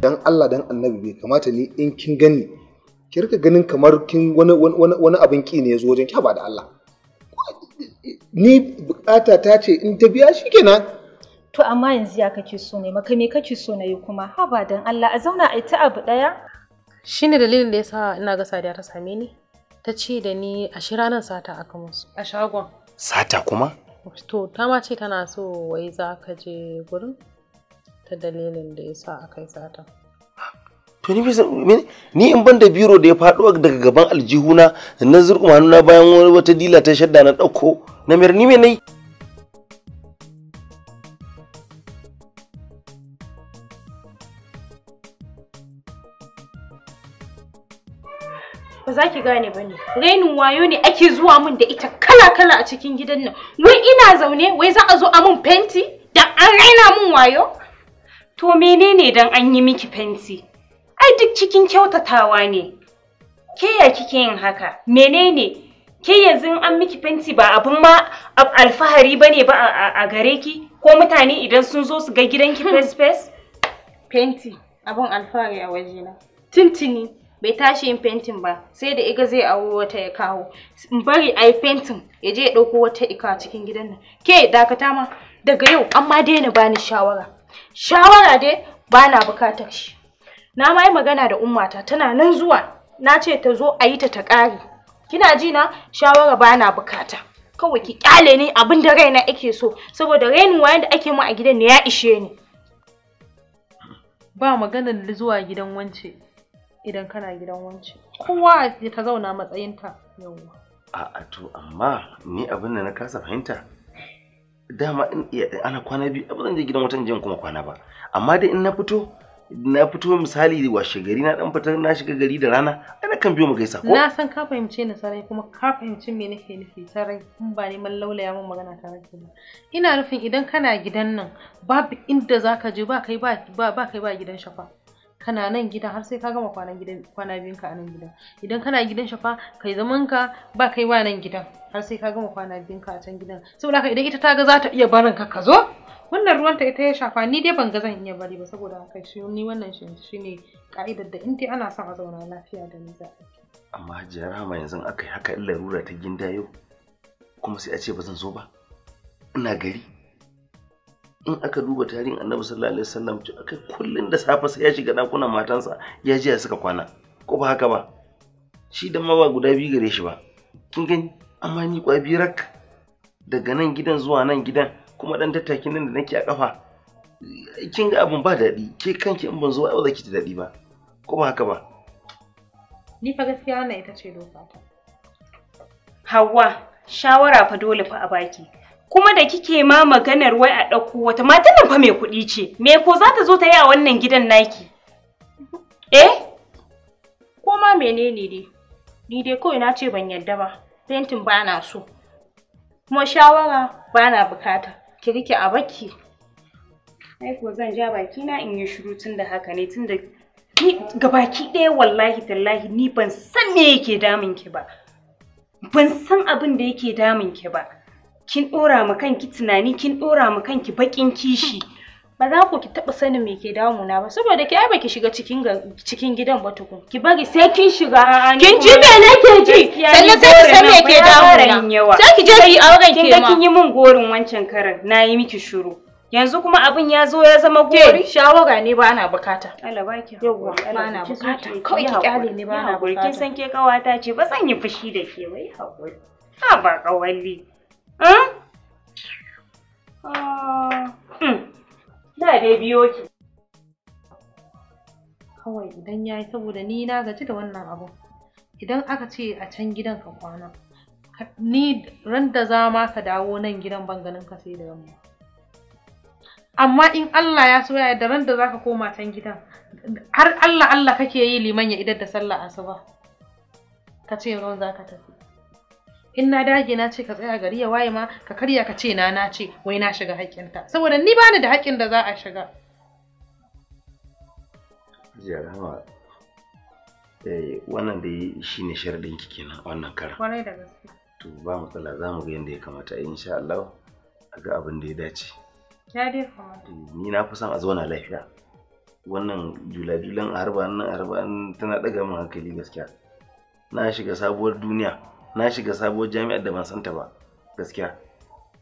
dan Allah dan annabi bai kamata ni in kin gani ki rika ganin kamar kin wani wani abin ki ne ya zo wajen ki ba da Allah ni bukata ta ce in ta biya shi kenan to amma yanzu ya kake so ne maka me kake so na yi kuma ba dan Allah a zauna a ta abu daya shine dalilin da yasa ina ga Sadiya ta same ni ta ce da ni a shiranan ranar sata aka musu a shagon sata kuma to ta ma ce tana so wai za ka je gurin ta dalilin da ya sa a kai sata. ni in ban da biro da ya faɗo daga gaban aljihuna na zurkuma hannuna bayan wani wata dila ta shadda na ɗauko na mayar ni mai ba za ki gane ba ne rainin wayo ne ake zuwa min da ita kala-kala a cikin gidan nan wai ina zaune wai za a zo a min fenti da an raina min wayo To menene dan an yi miki fenti? Ai duk cikin kyautatawa ne. Ke ya kike yin haka? Menene? Ke yanzu an miki fenti ba abun ma alfahari bane ba a gare ki? Ko mutane idan sun zo su ga gidanki hmm. fes fes? Fenti abun alfahari a wajena. Tintini bai tashi yin fentin ba sai da iga zai awo wata ya kawo bari a yi fentin ya je ya ɗauko wata ika cikin gidan nan ke dakata ma daga yau an ma daina bani shawara shawara dai ba na bukatar shi na ma magana da ummata tana nan zuwa na ce ta zo a yi ta ta ƙare kina ji na shawara ba na bukata kawai ki ƙyale ni abin da raina ake so saboda rainin wayan da ake mu a gidan ne ya ishe ni ba maganar zuwa gidan wance idan kana gidan wance kowa ya ta zauna matsayinta a'a to amma ni abin da na kasa fahimta dama in ana kwana biyu a zan je gidan wata in kuma kwana ba amma dai in na fito na fito misali washe gari na dan fitar na shiga gari da rana ana kan biyo mu gaisa ko na san ka fahimce ni sarai kuma ka fahimci me nake nufi sarai in ba neman laulaya mun magana ta nake ba ina nufin idan kana gidan nan babu inda zaka je ba kai ba ba kai ba gidan shafa kana nan gida har sai ka gama kwanan gidan kwana biyun ka a nan gidan idan kana gidan shi fa kai zaman ka ba kai wa nan gidan har sai ka gama kwana biyun ka a can gidan saboda haka idan ita ta ga za ta iya barin ka ka zo wannan ruwan ta ita ya shafa ni dai ban ga zan iya bari ba saboda haka shi ni wannan shi ne ka'idar da in dai ana son a zauna lafiya da ni za amma hajiya rahama yanzu aka haka illa rura ta gindayo kuma sai a ce ba zan zo ba ina gari in aka duba tarihin annabi sallallahu alaihi wasallam to akai kullun da safe sai ya shiga dakunan matansa ya ji ya suka kwana ko ba haka ba shi da ma ba guda biyu gare shi ba kin gani amma ni kwa birak daga nan gidan zuwa nan gidan kuma dan tattakin nan da nake a kafa kin ga abun ba daɗi ke kanki in ban zo ai ba zaki ki ji daɗi ba ko ba haka ba ni fa gaskiya wannan ita ce doka hawa shawara fa dole fa a baki kuma da kike ma maganar wai a ɗauko wata matan nan fa mai kuɗi ce me ko za ta zo ta yi a wannan gidan naki eh ko ma menene dai ni dai kawai na ce ban yadda ba fentin ba na so kuma shawara ba na bukata ki rike a baki ai ko zan ja baki na in yi shiru tun da haka ne tun da gabaki ɗaya wallahi tallahi ni ban san me yake damun ki ba ban san abin da yake damun ki ba kin ɗora ma kanki tunani kin ɗora ma kanki baƙin kishi ba za ku ki taɓa sanin me ke damuna ba saboda ki ai ki shiga cikin cikin gidan ba tukun ki bari sai kin shiga kin ji me nake ji sannan sai ki san me ke damuna sai ki je ki auren ke ma kin ga kin yi min gorin wancan karan nayi miki shiru yanzu kuma abin ya zo ya zama gori shawara ne ba ana bukata Allah baki yawa ba ana bukata kai ki kyale ne ba ana bukata kin san ke kawata ce ba zan yi fushi da ke wai hakuri ha ba kawalli Na eh? ah, hmm. dai biyo ki. Kawai idan ya yi saboda ni na gaji da wannan abu. Idan aka ce a can gidan ka kwana, ni ran da za ma ka dawo nan gidan banganin ka sai da yamma. Amma in Allah ya so ya da ran da za ka koma can gidan, har Allah Allah kake yi liman ya idar da sallah asuba. Ka ce ran za ka tafi. in na dage na ce ka tsaya gari ya waye ma ka karya ka ce na na ce wai na shiga haƙƙinta saboda ni bani da haƙƙin da za a shiga jarama eh, wannan da shi ne sharadin ki kenan wannan karan kwarai da gaske to ba matsala za mu ga yadda ya kamata insha Allah a ga abin da ya dace ya dai kamata ni na fi son a zauna lafiya wannan jula-julan a harba nan a harba tana ɗaga min hankali gaskiya na shiga sabuwar duniya na shiga sabuwar jami'ar da ban santa ba gaskiya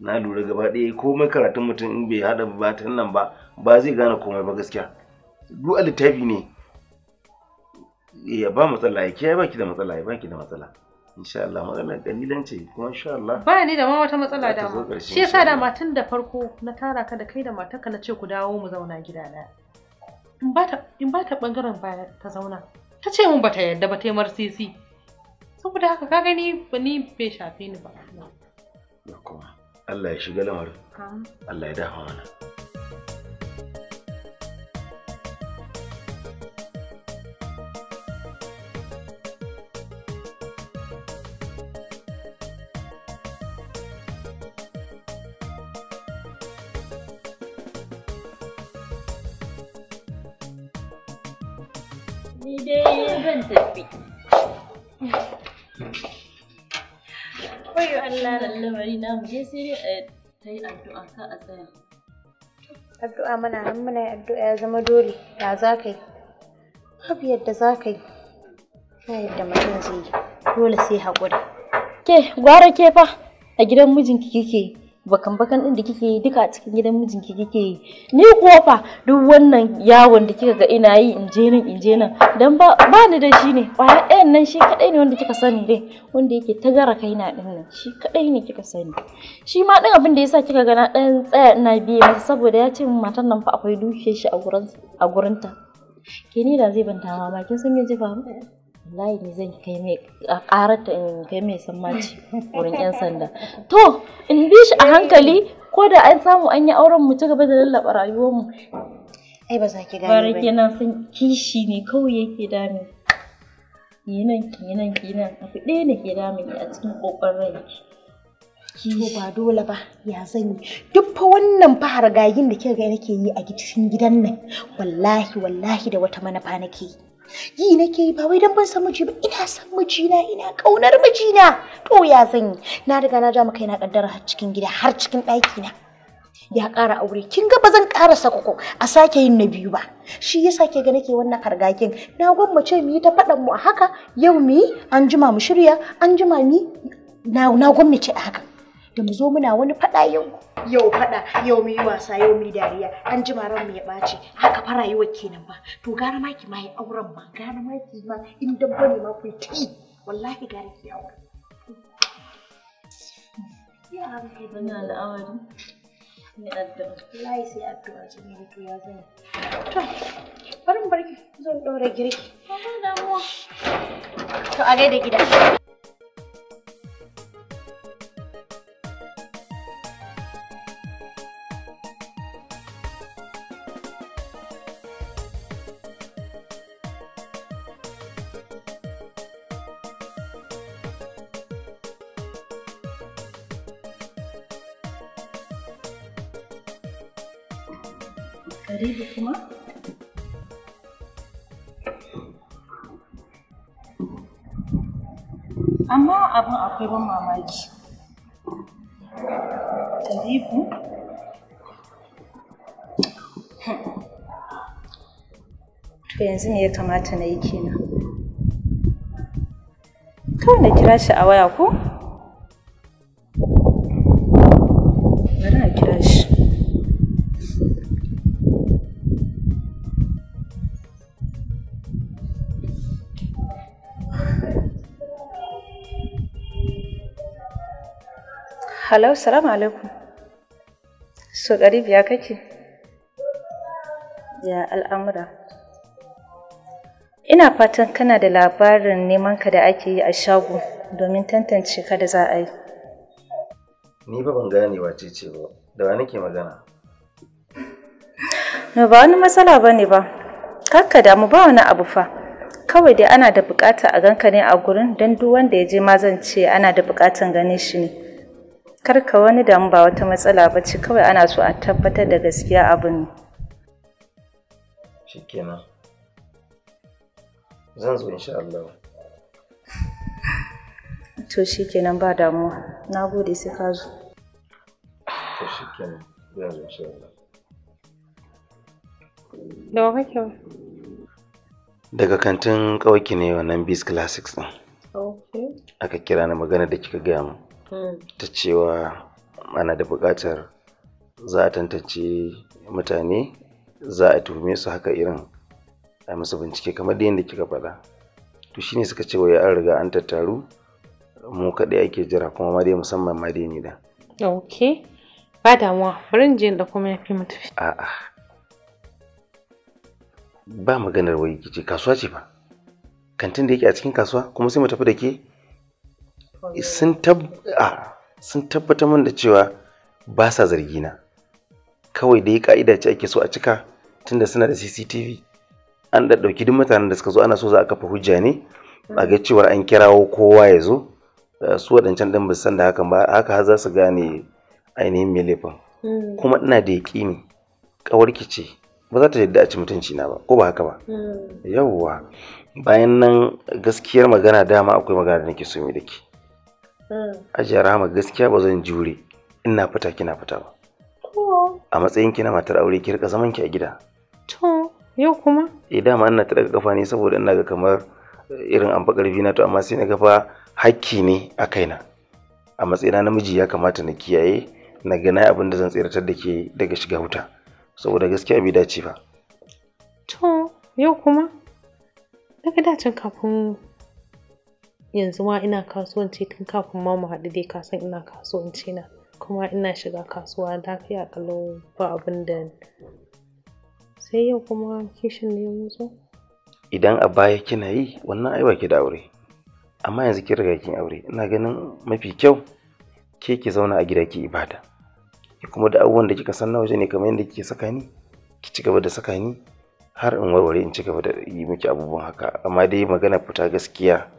na lura gaba ɗaya komai karatun mutum in bai haɗa ta nan ba ba zai gane komai ba gaskiya duk a littafi ne ya eh, ba matsala ya kiyaye baki da matsala ya baki da matsala insha Allah matsalar kalilan ce kuma insha Allah ba ni da ma wata matsala da shi yasa da matan da farko na tara ka da kai da matarka na ce ku dawo mu zauna na in ba ta in ba ta bangaren baya ta zauna ta ce mun bata yarda ba ta yi marsisi saboda haka ka gani ni bai shafe ni ba Allah ya shiga lamarin Allah ya dafa mana al'amari namu je sai dai eh, ta yi addu'a ka a tsaya. Addu'a mana nan muna yi addu'a ya zama dole ya za ka yi. Babu yadda za ka yi. Ta yadda mutum zai yi. Dole sai haƙuri. Ke gwara ke fa a gidan mijinki kike bakan bakan din da kike yi duka a cikin gidan mijinki kike yi ni kuwa duk wannan yawon da kika ga ina yi in je nan in je nan dan ba ba ni da shi ne kwaya ɗayan nan shi kadai ne wanda kika sani dai wanda yake tagara kaina din nan shi kadai ne kika sani shi ma din abin da yasa kika ga na dan tsaya ina biye masa saboda ya ce min matan nan fa akwai dukiyar shi a gurin a gurinta ke ni da zai banta tawa ma kin san me ji ba wallahi ne zan kai mai karata in kai mai sammaci wurin yan sanda to in bi shi a hankali ko da an samu an yi auren mu ci gaba da lallaba rayuwar mu ai ba za ki gani ba bare nan san kishi ne kawai yake dami yi nan ki nan ki nan abu ɗaya ne ke dami a cikin kokarin ki to ba dole ba ya zani duk fa wannan fahar gagin da kika ga nake yi a cikin gidan nan wallahi wallahi da wata manafa nake yi yi nake yi ba wai dan ban san miji ba ina san mijina ina kaunar mijina to ya zan yi na riga na ja maka yana kaddara har cikin gida har cikin ɗaki na ya ƙara aure kin ga ba zan ƙara sakako a sake yin na biyu ba shi yasa ke ga nake wannan kargakin na gwammace mu yi ta faɗan mu a haka yau mi an jima mu shirya an jima mu na gwammace a haka da mu zo muna wani fada yau yau fada, yau mu yi wasa yau mu yi dariya an jima ran mu ya ɓaci haka fa rayuwar kenan ba to gara maki ma yi auren ma gara maki ma in dabba ne ma ku yi wallahi gara ki auren ya haka bana al'awari ne addu'a wallahi sai addu'a ce ne to ya zai to bari mu barki zan ɗora girki ba damuwa to a gaida gida akwai ban mamaki talibu to yanzu ne ya kamata na yi kenan kawai na kira shi a waya ko bari na kira shi Halau, salamu alaikum. So gari biya kake? Ya al'amura. Ina fatan kana da labarin neman ka da ake yi a shago domin tantance ka da za a yi. Ni ba ban gane wace ce ba, da wa nake magana? No ba wani matsala ba ne ba, kakka damu ba wani abu fa. Kawai dai ana da bukata a ganka ne a gurin don duk wanda ya je ma zan ce ana da bukatan ganin shi ne. karka wani damu ba wata matsala ba ce kawai ana so a tabbatar da gaskiya abin shi shikenan zan zo insha Allah to shi shikenan ba damuwa na gode sai ka zo to shi shikenan zan zo insha Allah da wa kake daga kantin kawaki ne wannan Beast Classics din okay aka kira na magana da kika gaya mu ta cewa ana da buƙatar za a tantance mutane za a tuhume su haka irin a musu bincike kamar da yadda kika faɗa to shine suka ce wai an riga an tattaru mu kaɗai ake jira kuma ma dai musamman ma dai ni da ok ba damuwa bari in je da kuma fi mu tafi a'a ba maganar wai kici kasuwa ce ba kantin da yake a cikin kasuwa kuma sai mu tafi da ke sun tabbatar min da cewa ba sa zargi na. kawai dai ka'ida ce ake so a cika tunda suna da cctv an ɗauki duk mutanen da suka zo ana so za a kafa hujja ne a ga cewar an kirawo kowa ya zo su waɗancan ɗin san da hakan ba haka za su gane ainihin mai laifin hmm. kuma ina da yaƙini ƙawarki ce ba za ta yadda a ci mutunci na ba ko ba haka ba hmm. yawwa bayan nan gaskiyar magana dama akwai magana da nake so mai da ke Mm. Ajiya Rahama gaskiya ba zan jure ina fita kina fita ba. A matsayin kina matar aure ki rika zaman ki a gida. To, yau kuma? Eh dama ina ta daga kafa ne saboda ina ga kamar eh, irin an karfi na to amma sai na ga fa hakki ne a kaina. A matsayina namiji ya kamata na kiyaye na ga na abin da zan tsiratar da ke daga shiga wuta. Saboda gaskiya bai dace ba. To, yau kuma? Daga dacin kafin yanzu ma ina kasuwanci tun kafin ma mu haɗu dai ka san ina kasuwanci na kuma ina shiga kasuwa lafiya kalau ba abin da sai yau kuma kishin ne motsa idan a baya kina yi wannan ai ki da aure amma yanzu kin riga kin aure ina ganin mafi kyau ke ki zauna a gida ki ibada kuma da abubuwan da kika san na waje ne kamar yadda kike saka ni ki ci gaba da saka ni har in warware in ci gaba da yi miki abubuwan haka amma dai magana fita gaskiya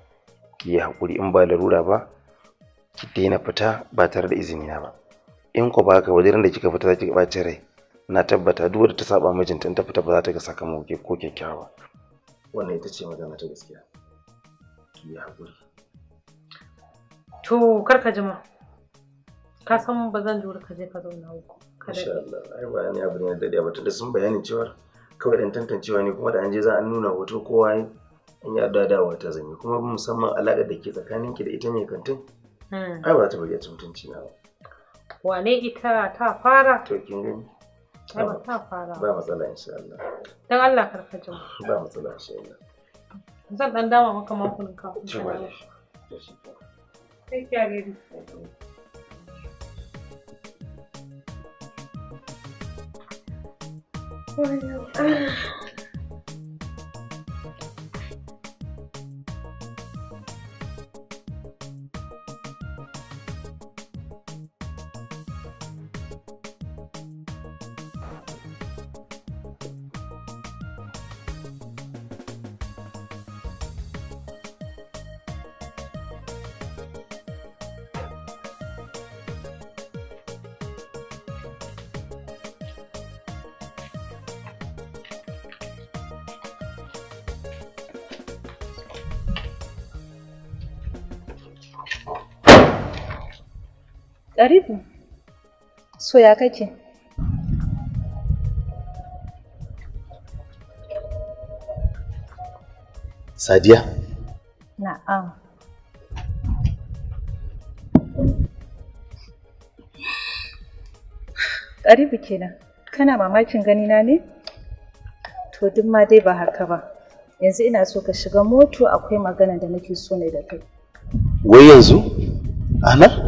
ki yi haƙuri in ba larura ba ki daina fita ba tare da izini na ba in ko ba ka wajen da kika fita za ki ɓacin rai na tabbata duk wanda ta saba mijinta in ta fita ba za ta ga sakamako ko kyakkyawa wannan ita ce magana ta gaskiya ki yi haƙuri to karka jima ka san ba zan jure ka je ka zauna uku insha Allah ai ba ni abu ne da dade ba tunda sun bayani cewa kawai dan tantancewa ne kuma da an je za a nuna hoto kowa in ya da dawa ta zanyi kuma musamman alaƙar da ke tsakanin ki da ita ne kantin hmm. ai ba ta bari a mutunci na ba wane ita ta fara to kin gani ta fara ba matsala insha Allah dan Allah karka karkajin ba matsala insha Allah zan dan dama maka makunin ka ci ba shi Take care, baby. Oh, no. Ɗaribu, so ya kake? Sadiya? Na'am. Ɗaribu kenan, kana mamakin ganina ne? To, duk ma dai ba haka ba. yanzu ina so ka shiga moto akwai magana da nake so ne da kai. Wai yanzu? Anan.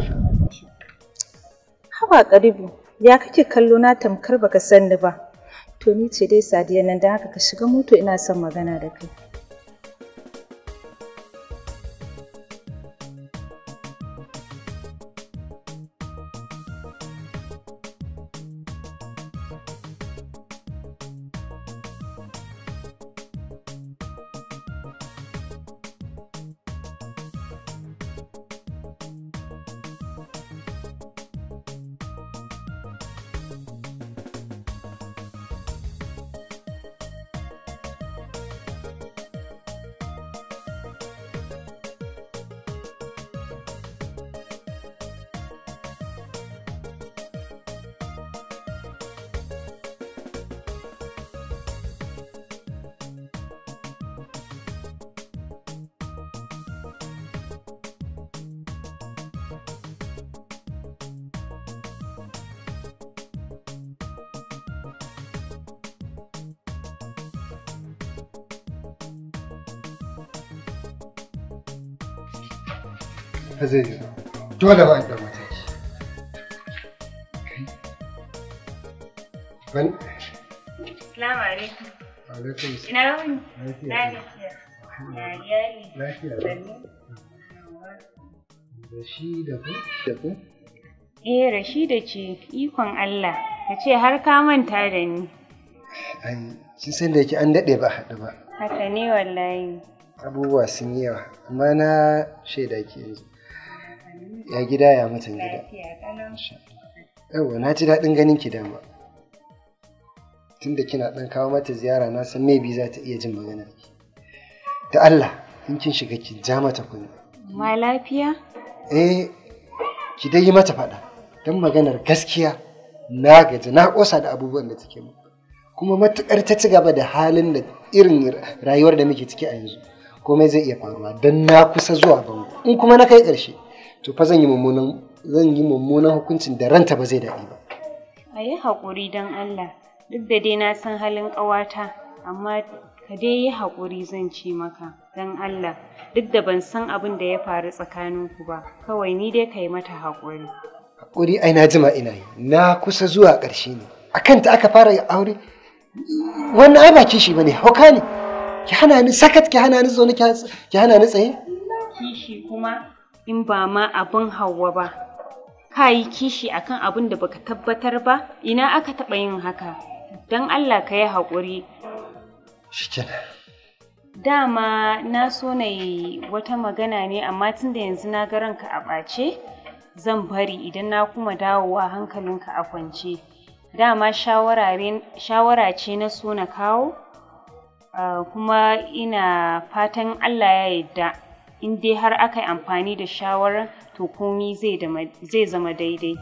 Haba karibu ya kake kallo na tamkar baka san ba. To ni ce dai sadiya nan da haka ka shiga moto ina son magana da kai. ba zai yi dole ba an ɗan mataki Salamu alaikum. Alaikum. Ina wuni? Lafiya. Lafiya. Lafiya. Sannu. Rashida ko? Da ko? Eh Rashida ce ikon Allah ka ce har ka manta da ni. Ai kin san da yake an daɗe ba haɗu ba. Haka ne wallahi. Abubuwa sun yi yawa amma na shaida ki yanzu. ya gida ya mutum gida Yawwa na ji daɗin ganin ki dama tunda kina ɗan kawo mata ziyara na san maybe za ta iya jin maganar ki da Allah in kin shiga ki ja mata kunu. ma lafiya eh ki dai yi mata faɗa don maganar gaskiya na gaji na ƙosa da abubuwan da take mu kuma matuƙar ta ci gaba da halin da irin rayuwar da muke ciki a yanzu komai zai iya faruwa don na kusa zuwa bango in kuma na kai ƙarshe to fa zan yi mummunan zan yi mummunan hukuncin da ranta ba zai daɗi ba a yi haƙuri don Allah duk da dai na san halin ƙawata amma ka dai yi haƙuri zan ce maka don Allah duk da ban san abin da ya faru tsakaninku ba kawai ni dai ka yi mata haƙuri haƙuri ai na jima ina yi na kusa zuwa ƙarshe ne akan ta aka fara aure wannan ai ba kishi bane hauka ne ki hana ni sakat ki hana ni zo ki hana ni tsaye kishi kuma in ba ma abin hawa ba. Ka yi kishi akan abin da baka tabbatar ba, ina aka taɓa yin haka. Don Allah ka yi haƙuri. Dama na so na yi wata magana ne amma tun da yanzu na ga ranka a ɓace, zan bari idan na kuma dawowa hankalinka a kwance. Dama shawara ce na so na kawo, ah, kuma ina fatan Allah ya yarda. in dai har aka yi amfani da shawarar to komi zai zama daidai.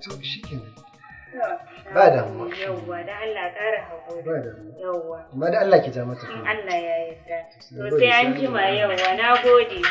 To shi Ba damuwa. Yawwa, da Allah ƙara haƙuri. Ba damuwa. Yawwa. Amma da Allah ki ja mata. Allah ya yarda. To sai an jima yawwa, na gode.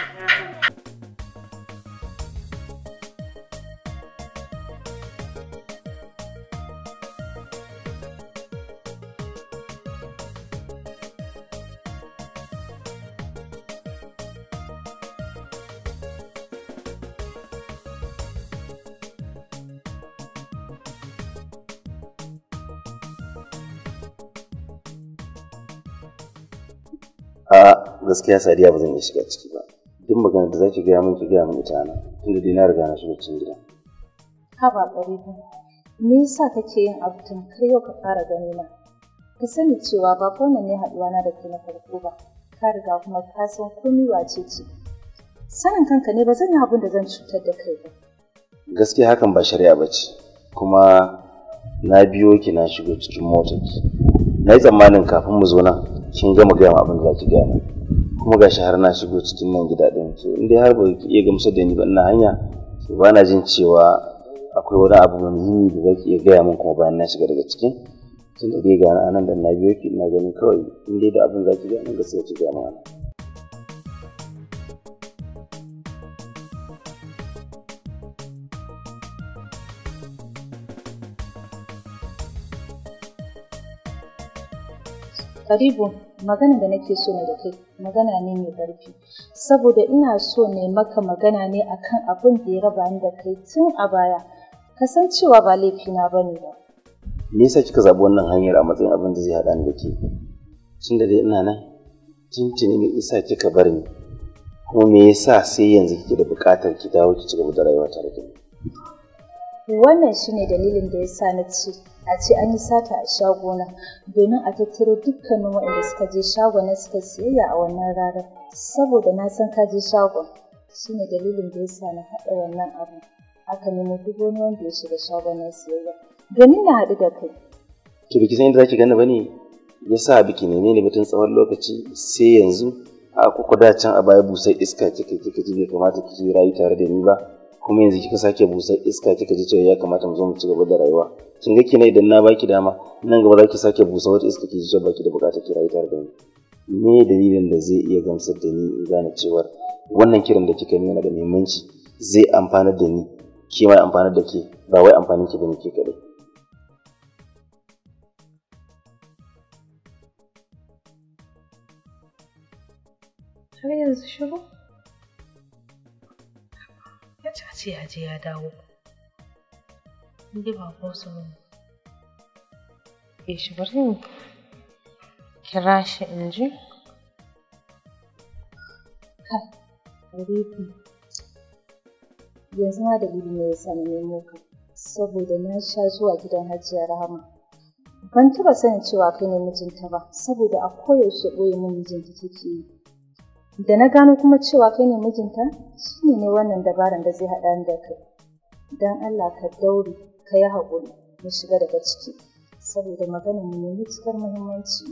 a gaskiya sadiya ba zan iya shiga ciki ba duk magana da zaki gaya min ki gaya min ita na tunda dai na riga na shiga cikin gida ka ba ƙari me yasa kake yin abu tun kar yau ka fara gani na ka sani cewa ba wannan ne haɗuwa na da ke na farko ba ka riga kuma ka san komai wace ce sanin kanka ne ba zan yi abin da zan cutar da kai ba gaskiya hakan ba shari'a ba ce kuma na biyo ki na shigo cikin motar na yi tsammanin kafin mu zo nan kin gama gaya ma abin da ki gaya kuma gashi har na shigo cikin nan gida din to in dai har ba ki iya gamsar da ni ba ina hanya to ba na jin cewa akwai wani abu muhimmi da zaki iya gaya min kuma bayan na shiga daga cikin. tun da dai ga nan da na biyo ki ina gani kawai in dai da abin za ki gaya min gaskiya ki gaya min Karibu, magana da nake so ne da kai, magana ne mai ƙarfi. Saboda ina so ne maka magana ne akan abin da ya raba ni da kai tun a baya. Kasancewa ba laifina ba ne ba. Me yasa kika zabi wannan hanyar a matsayin abin da zai haɗa ni da ke? Tun da dai ina nan, tuntuni me isa kika bar ni? Kuma me yasa sai yanzu kike da buƙatar ki dawo ki ci gaba da rayuwa tare da ni? wannan shine dalilin da ya sa na ce a ce an yi sata a shagona domin a tattaro dukkanin waɗanda suka je shagonan suka siyayya a wannan rarar saboda na san ka je shagon shine dalilin da ya sa na haɗa wannan abu aka nemo duk wani wanda ya shiga shagonan siyayya domin na haɗu da kai ki biki san inda zaki gani bane ya sa biki ne ne mutum tsawon lokaci sai yanzu a kuka da can a baya busai iska kika kika ji bai kamata kike rayu tare da ni ba kuma yanzu kika sake busar iska kika ji cewa ya kamata mu zo mu ci gaba da rayuwa kin ga kina idan na baki dama nan gaba za ki sake busa wata iska ki ji cewa baki da bukatar ki rayu tare da ni me dalilin da zai iya gamsar da ni in gane cewa wannan kiran da kika nuna da muhimmanci zai amfana da ni ke mai amfanar da ke ba wai amfanin ki bane ke kadai har yanzu shiru buƙaci a ce ya je ya dawo inda ba ko su ne ke shi bari ne. kira shi in ji kai Arifi yanzu na da ilimi ya sami nemo ka saboda na sha zuwa gidan hajiya rahama ban taba sanin cewa kai ne mijinta ba saboda a koyaushe ɓoye mun mijinta take yi da na gano kuma cewa kai ne mijinta shi ne wannan dabaran da zai haɗa da kai don allah ka daure ka yi haƙuri na shiga daga ciki saboda magana mai ne mutukar muhimmanci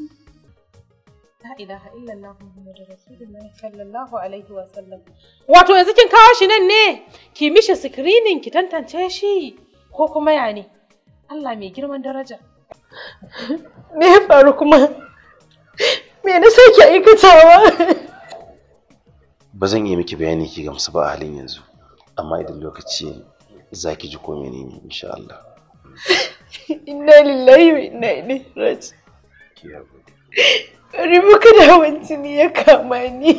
la ilaha illallah muhammadu rasulullahi sallallahu alaihi wa sallam wato yanzu kin kawo shi nan ne ki mishi screening ki tantance shi ko kuma ya ne Allah mai girman daraja me ya faru kuma me na sake aikatawa ba zan iya miki bayani ki gamsu ba a halin yanzu amma idan lokaci za ki ji ko menene insha Allah inna lillahi wa inna ilaihi raji ki hakuri ribu kada wancin ya kama ni